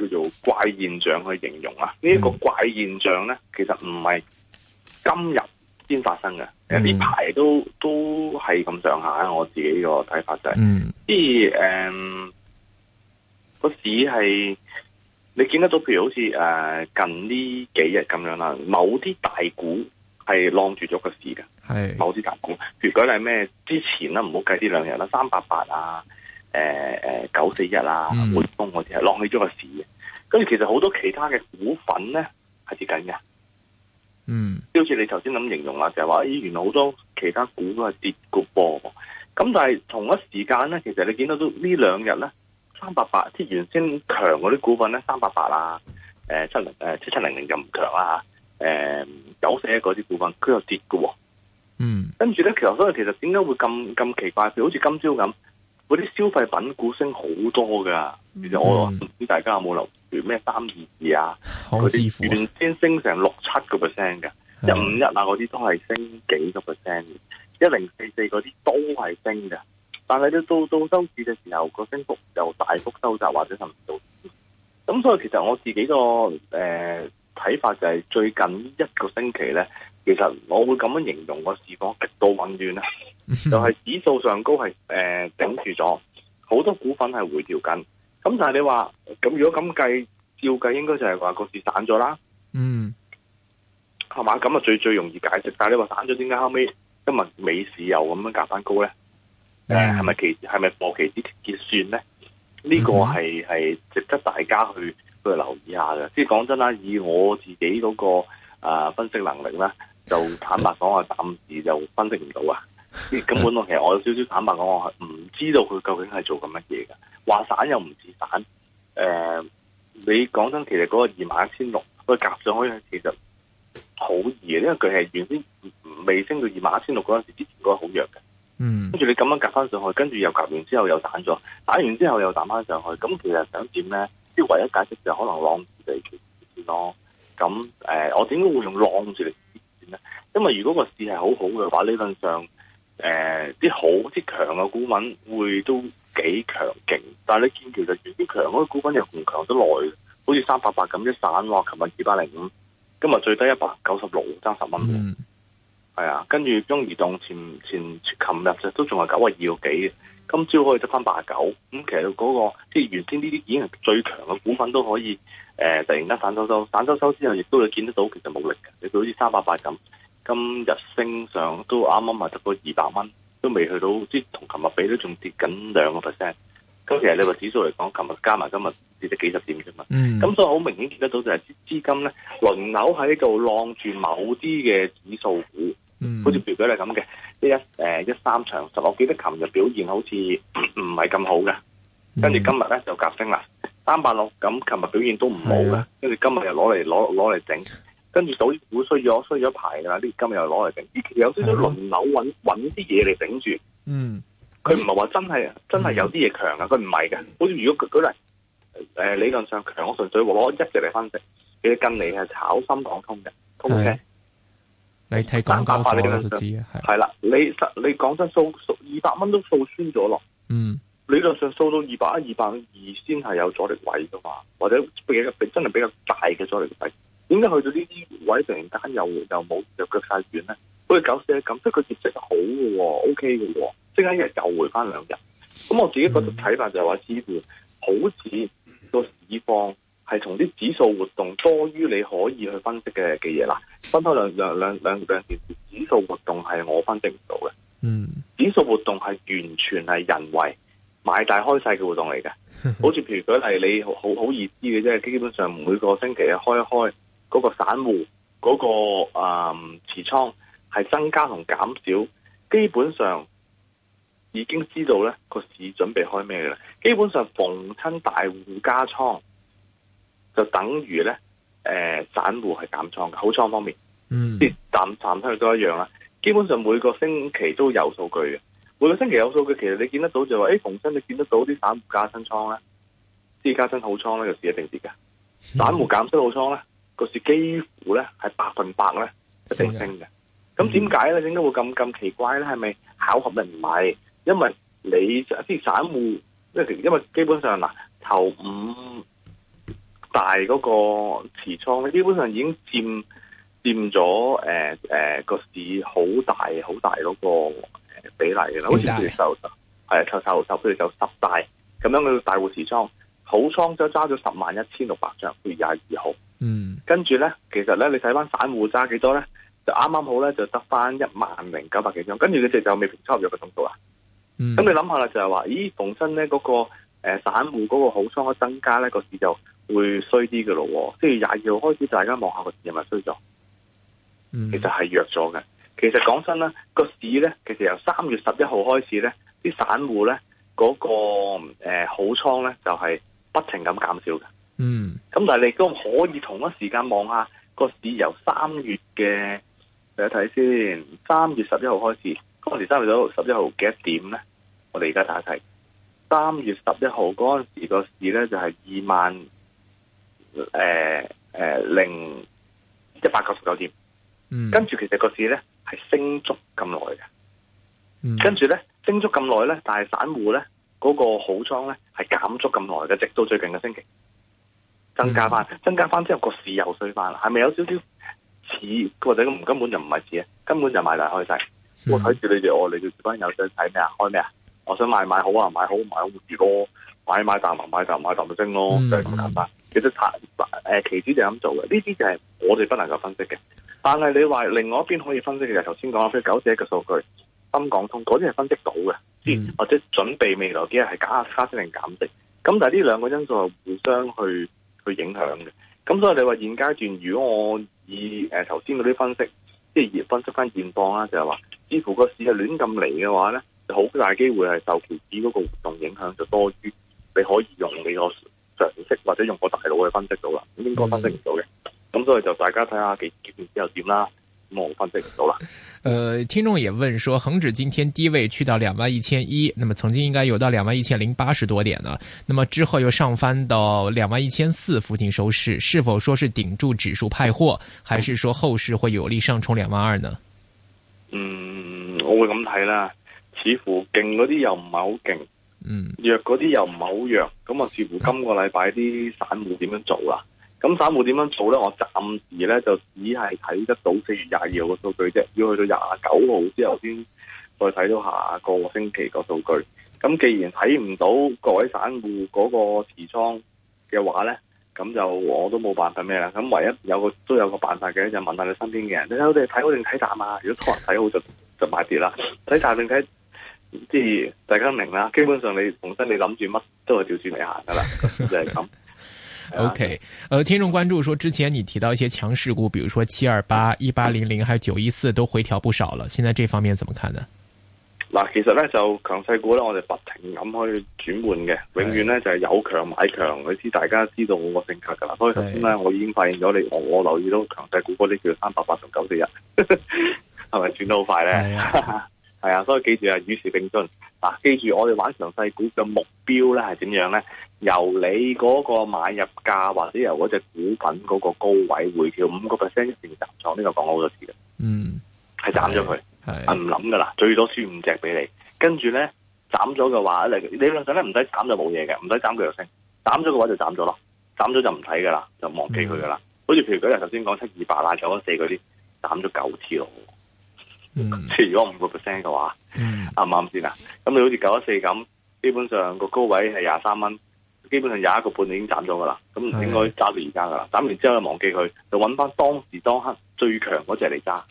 叫做怪現象去形容啊！呢、嗯、個怪現象咧，其實唔係今日先發生嘅，誒呢排都都係咁上下。我自己個睇法就係、是，即係誒個市係你見得到，譬如好似誒近呢幾日咁樣啦，某啲大股係晾住咗個市嘅，係某啲大股，譬如講你咩之前啦，唔好計呢兩日啦，三八八啊。誒誒、呃呃，九四一啦，匯豐嗰啲啊，落起咗個市嘅。跟住其實好多其他嘅股份咧係跌緊嘅。嗯，好似你頭先咁形容啦，就係、是、話咦，原來好多其他股都係跌嘅噃、啊。咁但係同一時間咧，其實你見到都呢兩日咧，三百八,八即原先強嗰啲股份咧，三百八,八啊，誒七零誒七七零零就唔強啦。誒、呃，九四一嗰啲股份佢又跌嘅、啊。嗯，mm. 跟住咧，其實所以其實點解會咁咁奇怪？好似今朝咁。嗰啲消費品股升好多噶，其實我唔知大家有冇留意咩三二二啊，嗰啲原先升成六七個 percent 嘅，一五一啊，嗰啲都係升幾個 percent，一零四四嗰啲都係升嘅，但係到到到收市嘅時候，個升幅又大幅收窄或者甚至到。咁所以其實我自己個誒睇法就係最近一個星期咧。其實我會咁樣形容個市況極度混亂啦， 就係指數上高係誒頂住咗，好多股份係回調緊。咁但係你話咁如果咁計，照計應該就係話個市散咗啦。嗯，係嘛？咁啊最最容易解釋，但係你話散咗點解後尾今日美市又咁樣夾翻高咧？誒、嗯，係咪期係咪期指結算咧？呢、這個係係、嗯、值得大家去去留意一下嘅。即係講真啦，以我自己嗰、那個、呃、分析能力啦。就坦白講啊，暫時就分析唔到啊，根本我其實我有少少坦白講，我係唔知道佢究竟係做緊乜嘢噶，話散又唔似散，誒、呃，你講真，其實嗰個二萬一千六，佢夾上去其實好易啊，因為佢係原先未升到二萬一千六嗰陣時之前嗰個好弱嘅，嗯，跟住你咁樣夾翻上去，跟住又夾完之後又散咗，散完之後又彈翻上去，咁其實想點咧？即係唯一解釋就可能浪住嚟嘅先咯，咁誒、呃，我點解會用浪住嚟？因為如果個市係好好嘅話，理論上誒啲、呃、好啲強嘅股份會都幾強勁，但係你見其實原先強嗰啲股份又唔強得耐，好似三百八咁一散喎，琴日二百零五，今日最低一百九十六，爭十蚊嘅。係啊，跟住中移動前前琴日就都仲係九啊二個幾，今朝可以得翻八啊九，咁其實嗰、那個即係原先呢啲已經係最強嘅股份都可以誒、呃、突然間散收收，散收收之後亦都會見得到其實冇力嘅，你就好似三百八咁。今日升上都啱啱咪突破二百蚊，都未去到，即同琴日比都仲跌緊兩個 percent。咁其實你話指數嚟講，琴日加埋今日跌咗幾十點啫嘛。咁、嗯、所以好明顯見得到就係資金咧輪流喺度浪住某啲嘅指數股，嗯、好似表表係咁嘅。即一誒、呃、一三長十，我記得琴日表現好似唔係咁好嘅，跟住、嗯、今日咧就急升啦，三百六。咁琴日表現都唔好嘅，跟住、啊、今日又攞嚟攞攞嚟整。跟住到賭股衰咗，衰咗排啦，啲基金又攞嚟頂，有少少輪流揾揾啲嘢嚟頂住。嗯，佢唔係話真係真係有啲嘢強啊，佢唔係嘅。好似如果舉舉例，誒、呃、理論上強，我純粹攞一隻嚟分析。其實跟你係炒深港通嘅，OK，你睇港交所啲數字係係啦，你實你港交所數二百蚊都數穿咗咯。嗯，理論上數到二百一、二百二先係有阻力位噶嘛，或者比真係比較大嘅阻力位。點解去到呢啲位突然間又又冇弱腳曬軟咧？好似九四咁，即係佢結息得好嘅喎，O K 嘅喎，即係一日又回翻、OK、兩日。咁我自己覺得睇法就係、是、話，資本、mm. 好似個市況係同啲指數活動多於你可以去分析嘅嘅嘢啦。分開兩兩兩兩兩件事，指數活動係我分析唔到嘅。嗯，mm. 指數活動係完全係人為買大開晒嘅活動嚟嘅。好似譬如舉例，你好好，好意思嘅啫，基本上每個星期啊開一開。嗰個散戶嗰、那個啊持、呃、倉係增加同減少，基本上已經知道咧、那個市準備開咩嘅啦。基本上逢親大戶加倉，就等於咧、呃、散戶係減倉嘅好倉方面，嗯、mm.，談談出去都一樣啦。基本上每個星期都有數據嘅，每個星期有數據，其實你見得到就話，誒、欸、逢親你見得到啲散戶加新倉咧，知加新好倉咧又係一定跌嘅，mm. 散戶減新好倉咧。個市幾乎咧係百分百咧一定升嘅，咁點解咧？點解會咁咁奇怪咧？係咪巧合定唔係？因為你啲散戶，因為因為基本上嗱、啊，頭五大嗰個持倉咧，基本上已經佔佔咗誒誒個市好大好大嗰個誒比例嘅啦。大好似譬如就就係就就譬如就十大咁樣嘅大戶持倉，好倉就揸咗十萬一千六百張，二廿二號。嗯，跟住咧，其實咧，你睇翻散戶揸幾多咧，就啱啱好咧、嗯，就得翻一萬零九百幾張，跟住佢哋就未平出入約嘅程度啦，咁你諗下啦，就係話，咦，逢親咧嗰個誒、呃、散戶嗰個好倉嘅增加咧，個市就會衰啲嘅咯。即係廿二號開始，大家望下個市係咪衰咗？其實係弱咗嘅。其實講真啦，個市咧，其實由三月十一號開始咧，啲散戶咧嗰個誒好倉咧就係、是、不停咁減少嘅。嗯，咁、mm. 但係你都可以同一時間望下個市由三月嘅睇一睇先，三月十一號開始嗰陣時，三月十一號幾多點咧？我哋而家睇一睇，三月十一號嗰陣時個市咧就係二萬誒誒零一百九十九點，mm. 跟住其實個市咧係升足咁耐嘅，mm. 跟住咧升足咁耐咧，但係散戶咧嗰個好倉咧係減足咁耐嘅，直到最近嘅星期。Mm hmm. 增加翻，增加翻之後個市又衰翻，係咪有少少似？或者根本就唔係似啊，根本就買大開細。我睇住你哋我哋班友想睇咩啊？開咩啊？我想買買好啊，買好買好住咯、哦，買買淡啊，買淡買淡咪升咯，買買買買就係咁、哦 mm hmm. 簡單。其實產誒期指就咁做嘅，呢啲就係我哋不能夠分析嘅。但係你話另外一邊可以分析嘅，頭先講九狗一個數據，深港通嗰啲係分析到嘅，即係、mm hmm. 或者準備未來幾日係加加息定減息。咁但係呢兩個因素係互相去，去影響嘅，咁所以你話現階段，如果我以誒頭先嗰啲分析，即係分析翻現況啦，就係、是、話，似乎個市係亂咁嚟嘅話咧，好大機會係受期指嗰個活動影響，就多於你可以用你個常識或者用個大腦去分析到啦，咁應該分析唔到嘅，咁、嗯、所以就大家睇下期結完之後點啦。望翻唔到啦。誒、呃，聽眾也問說，恆指今天低位去到兩萬一千一，那麼曾經應該有到兩萬一千零八十多點呢？那麼之後又上翻到兩萬一千四附近收市，是否說是頂住指數派貨，還是說後市會有力上衝兩萬二呢？嗯，我會咁睇啦，似乎勁嗰啲又唔係好勁，嗯，弱嗰啲又唔係好弱，咁啊，似乎今個禮拜啲散戶點樣做啊？咁散戶點樣做咧？我暫時咧就只係睇得到四月廿二號嘅數據啫要去到廿九號之後先再睇到下個星期個數據。咁既然睇唔到各位散戶嗰個持倉嘅話咧，咁就我都冇辦法咩啦。咁唯一有個都有個辦法嘅，就問下你身邊嘅人，你睇我哋睇好定睇淡啊？如果睇好就就買跌啦，睇淡定睇即係大家明啦。基本上你重新你諗住乜都係調轉嚟行噶啦，就係、是、咁。 O、okay. K，呃，聽眾關注說，之前你提到一些強勢股，比如說七二八、一八零零，還有九一四，都回調不少了。現在這方面怎麼看呢？嗱，其實咧就強勢股咧，我哋不停咁去轉換嘅，永遠咧就係有強買強，你知大家知道我個性格噶啦。所以頭先咧，我已經發現咗你，我我留意到強勢股嗰啲叫三百八十九四一，係咪轉得好快咧？係啊， 所以記住啊，與時俱進，與時並進。嗱、啊，記住我哋玩強勢股嘅目標咧係點樣咧？由你嗰個買入價，或者由嗰隻股份嗰個高位回調五個 percent 一定斬咗，呢、呢個講好多次啦。嗯，係斬咗佢，係唔諗噶啦，最多輸五隻俾你。跟住咧，斬咗嘅話，你理論上咧唔使斬就冇嘢嘅，唔使斬佢又升。斬咗嘅話就斬咗咯，斬咗就唔睇噶啦，就忘記佢噶啦。好似、嗯、譬如嗰日頭先講七二八啦，九一四嗰啲，斬咗九次咯。即係如果五個 percent 嘅話，啱唔啱先啊？咁你好似九一四咁，基本上個高位係廿三蚊。基本上有一個半已經斬咗噶啦，咁唔應該揸到而家噶啦。斬是的 完之後就忘記佢，就揾翻當時當刻最強嗰隻嚟揸，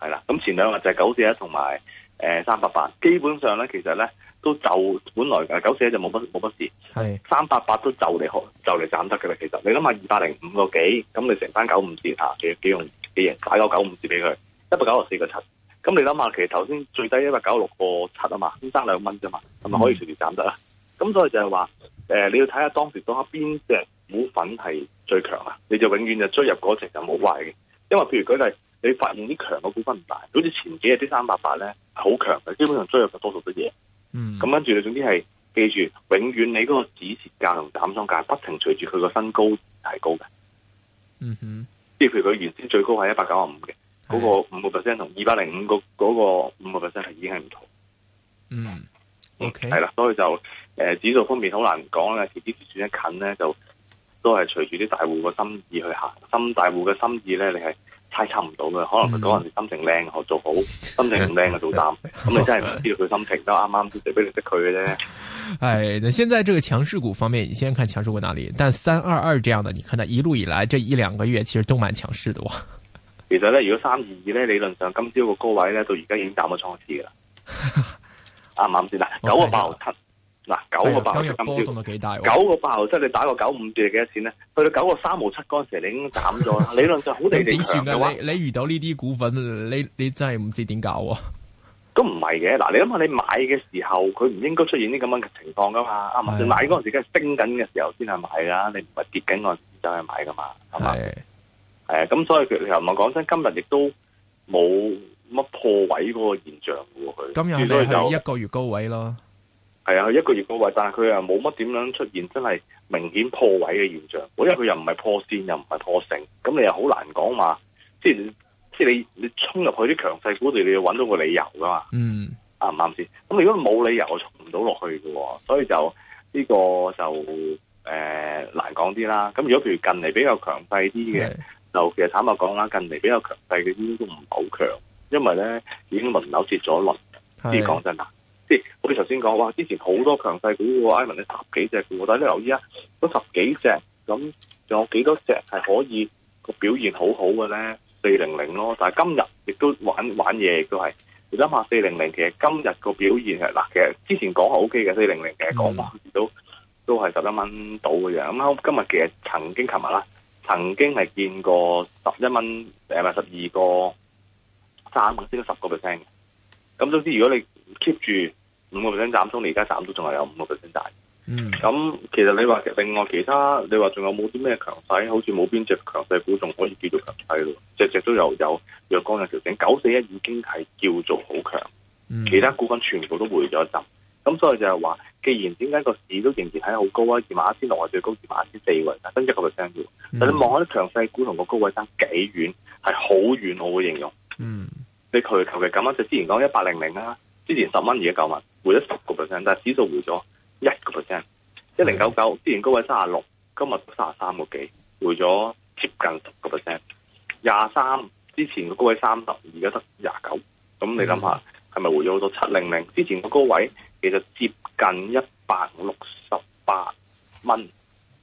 係啦。咁前兩日就九四一同埋誒三八八，呃、8，基本上咧其實咧都就本來九四一就冇乜冇乜事，係三八八都就嚟就嚟斬得嘅啦。其實你諗下二百零五個多那幾，咁你成單九五折啊，幾幾用幾人擺個九五折俾佢一百九十四個七，咁你諗下其實頭先最低一百九六個七啊嘛，先爭兩蚊啫嘛，咁咪可以隨時斬得啦。咁所以就係話。誒、呃,你要睇下當時當下邊隻股份係最強啊？你就永遠就追入嗰隻就冇壞嘅。因為譬如舉例，你發現啲強嘅股份唔大，好似前幾日啲三百八咧好強嘅，基本上追入就多數都嘢。嗯、mm，咁、hmm. 跟住，你總之係記住，永遠你嗰個止蝕價同斬倉價不停隨住佢個身高提高嘅。嗯哼、mm，即、hmm. 係譬如佢原先最高係一百九十五嘅，嗰、mm hmm. 個五個 percent 同二百零五個嗰個五個 percent 係已經係唔同。Mm hmm. 嗯。係啦 Okay.，所以就誒、呃，指數方面好難講咧。其實轉一近咧，就都係隨住啲大戶嘅心意去行。深大戶嘅心意咧，你係猜測唔到嘅。可能佢嗰陣心情靚，學、mm. 做好；心情唔靚，就做淡。咁你真係唔知道佢心情 Yeah. 都啱啱先，除非你識佢嘅啫。誒，那現在這個強勢股方面，你先看強勢股哪裏？但三二二這樣的，你看它一路以來，這一兩個月其實都蠻強勢的哇。其實咧，如果三二二咧，理論上今朝個高位咧，到而家已經斬咗倉資噶啦。哈哈啱啱先嗱，九個八毫七嗱、啊，九個八毫七、啊九、啊、九個八毫七，你打個九五折幾多錢咧？去到九個三毫七嗰陣時，你已經減咗，理 論上好地地，點算㗎？你你遇到呢啲股份，你你真係唔知點搞啊！都唔係嘅，嗱、啊，你諗下，你買嘅時候，佢唔應該出現啲咁樣嘅情況噶嘛？啱啱？你買嗰時，梗係升緊嘅時候先係買啦，你唔係跌緊嗰陣時就去買噶嘛？係嘛的？係咁、啊啊啊啊、所以其實唔係講真，今日亦都冇。乜破位嗰個現象喎、啊？佢今日就係一個月高位咯，係啊，一個月高位，但係佢又冇乜點樣出現真係明顯破位嘅現象。因為佢又唔係破線，又唔係破成，咁你又好難講話。即係即係你你衝入去啲強勢股度，你要揾到個理由噶嘛？嗯，啱唔啱先？咁如果冇理由，我衝唔到落去嘅喎，所以就呢、這個就誒、呃、難講啲啦。咁如果譬如近嚟比較強勢啲嘅，是就其實坦白講啦，近嚟比較強勢嘅啲都唔係好強。因為咧已經輪流跌咗輪，啲講是的 真啦，即係我哋頭先講，哇，之前好多強勢股喎 Ivan 咧十幾隻股，但係你留意下，都十幾隻，咁仲有幾多隻係可以個表現好好嘅咧？四零零咯，但係今日亦都玩玩嘢，亦都係你諗下四零零，其實今日個表現係嗱，其實之前講係 O，K 嘅四零零，其實講翻去都都係十一蚊到嘅樣。咁、嗯、今今日其實曾經琴日啦，曾經係見過十一蚊誒咪十二個減先十個 percent 嘅，咁總之如果你 keep 住五個 percent 減，沖你而家減都仲係有五個 percent 大。嗯。咁其實你話其實另外其他，你話仲有冇啲咩強勢？好似冇邊隻強勢股仲可以叫做強勢咯，隻隻都有有弱光，有調整。九四一已經係叫做好強，嗯、其他股份全部都回咗一陣。咁所以就係話，既然點解個市都仍然喺好高啊？二萬一千六，我最高二萬一千四位，增分一個 percent 嘅。但、嗯、你望下啲強勢股同個高位差幾遠，係好遠，我會形容。嗯，你佢求其咁啊，就之前講一百零零啦，之前十蚊而家九蚊，回咗十個 percent，但係指數回咗一個 percent。一零九九之前高位三啊六，今日三啊三個幾，回咗接近十個 percent。廿三之前嘅高位三十，而家得廿九，咁你諗下係咪回咗好多七零零，之前嘅高位其實接近一百六十八蚊，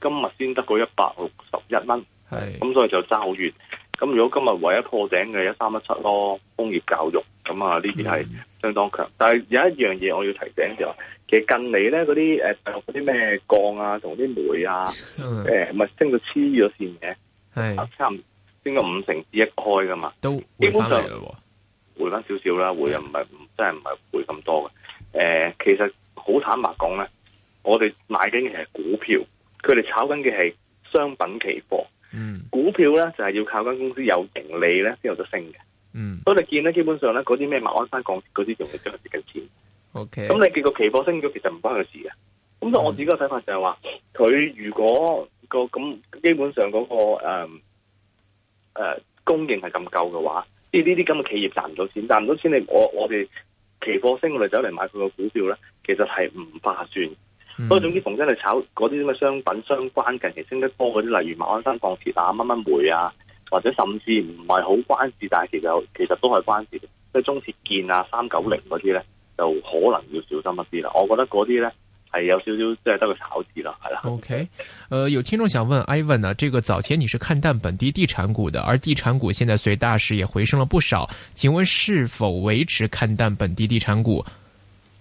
今日先得嗰一百六十一蚊，係咁是、嗯、所以就爭好遠。咁如果今日唯一破頂嘅一三一七咯，工業教育咁啊，呢啲係相當強。嗯、但係有一樣嘢我要提醒嘅、就、話、是，其實近嚟咧嗰啲誒，嗰啲咩鋼啊同啲煤啊，誒、嗯，咪、呃、升到黐咗線嘅，係是差唔多升到五成至一開噶嘛，都回回基本上回翻少少啦，回又唔係唔真係唔係回咁多嘅。誒、呃，其實好坦白講咧，我哋買緊嘅係股票，佢哋炒緊嘅係商品期貨。嗯，股票咧就係、是、要靠間公司有盈利咧先有得升嘅。嗯，所以你見咧基本上咧嗰啲咩馬鞍山鋼鐵，嗰啲仲係賺蝕緊錢。O K，咁你得個期貨升咗，其實唔關佢事嘅。咁所以我自己個睇法就係、是、話，佢、嗯、如果個咁基本上嗰、那個誒誒、呃呃、供應係咁夠嘅話，即係呢啲咁嘅企業賺唔到錢，賺唔到錢你我我哋期貨升我哋走嚟買佢個股票咧，其實係唔划算。不過、嗯、總之，逢真係炒嗰啲咁嘅商品相關，近期升得多嗰啲，例如馬鞍山鋼鐵啊、乜乜煤啊，或者甚至唔係好關事，但係其實其實都係關事，即係中鐵建啊、三九零嗰啲咧，就可能要小心一啲啦。我覺得嗰啲咧係有少少，即、就、係、是、得個炒字啦。係啦。OK，誒、呃，有聽眾想問 Ivan 呢，這個早前你是看淡本地地產股的，而地產股現在隨大勢也回升了不少，請問是否維持看淡本地地產股？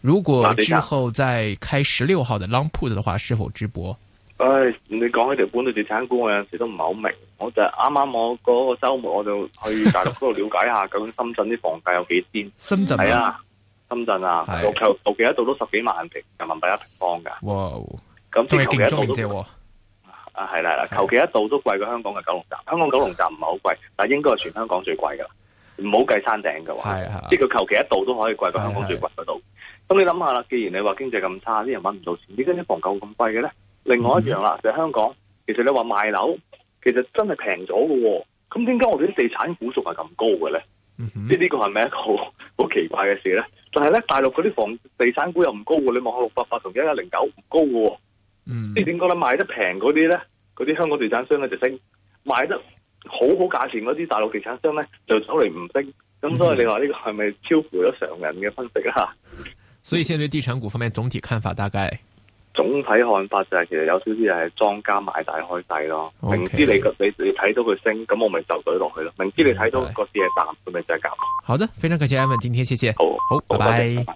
如果之後再開十六號嘅 Long Put 嘅話，是否直播？誒，你講起條本地地產股，我有時都唔係好明。我就啱啱我嗰個周末我就去大陸嗰度了解下，究竟深圳啲房價有幾癲？深圳係啊，深圳啊，求求其一度都十幾萬平人民幣一平方噶。哇！咁即係求其一度都啊係啦，係啦，求其一度都貴過香港嘅九龍站。香港九龍站唔係好貴，但係應該係全香港最貴噶啦。唔好計山頂嘅話，即係佢求其一度都可以貴過香港最貴嗰度。咁你諗下啦，既然你話經濟咁差，啲人搵唔到錢，點解啲房價咁貴嘅咧？Mm hmm. 另外一樣啦，就係、香港，其實你話賣樓，其實真係平咗嘅喎。咁點解我哋啲地產股數係咁高嘅咧？即係呢個係咪一個好奇怪嘅事咧？但係咧，大陸嗰啲房地產股又唔高喎。你望下六八八同一一零九唔高㗎喎。即係點講呢？咧、hmm.？賣得平嗰啲咧，嗰啲香港地產商咧就升；賣得好好價錢嗰啲大陸地產商咧就走嚟唔升。咁、mm hmm. 所以你話呢個係咪超乎咗常人嘅分析啊？所以現在對地產股方面總體看法大概，總體看法就係其實有少少係莊家買大開細咯，明知你你你睇到佢升，咁我咪就住落去咯，明知你睇到個市嘅淡，咁咪就係夾。好的，非常感謝 Ivan，今天謝謝，好，好，拜拜。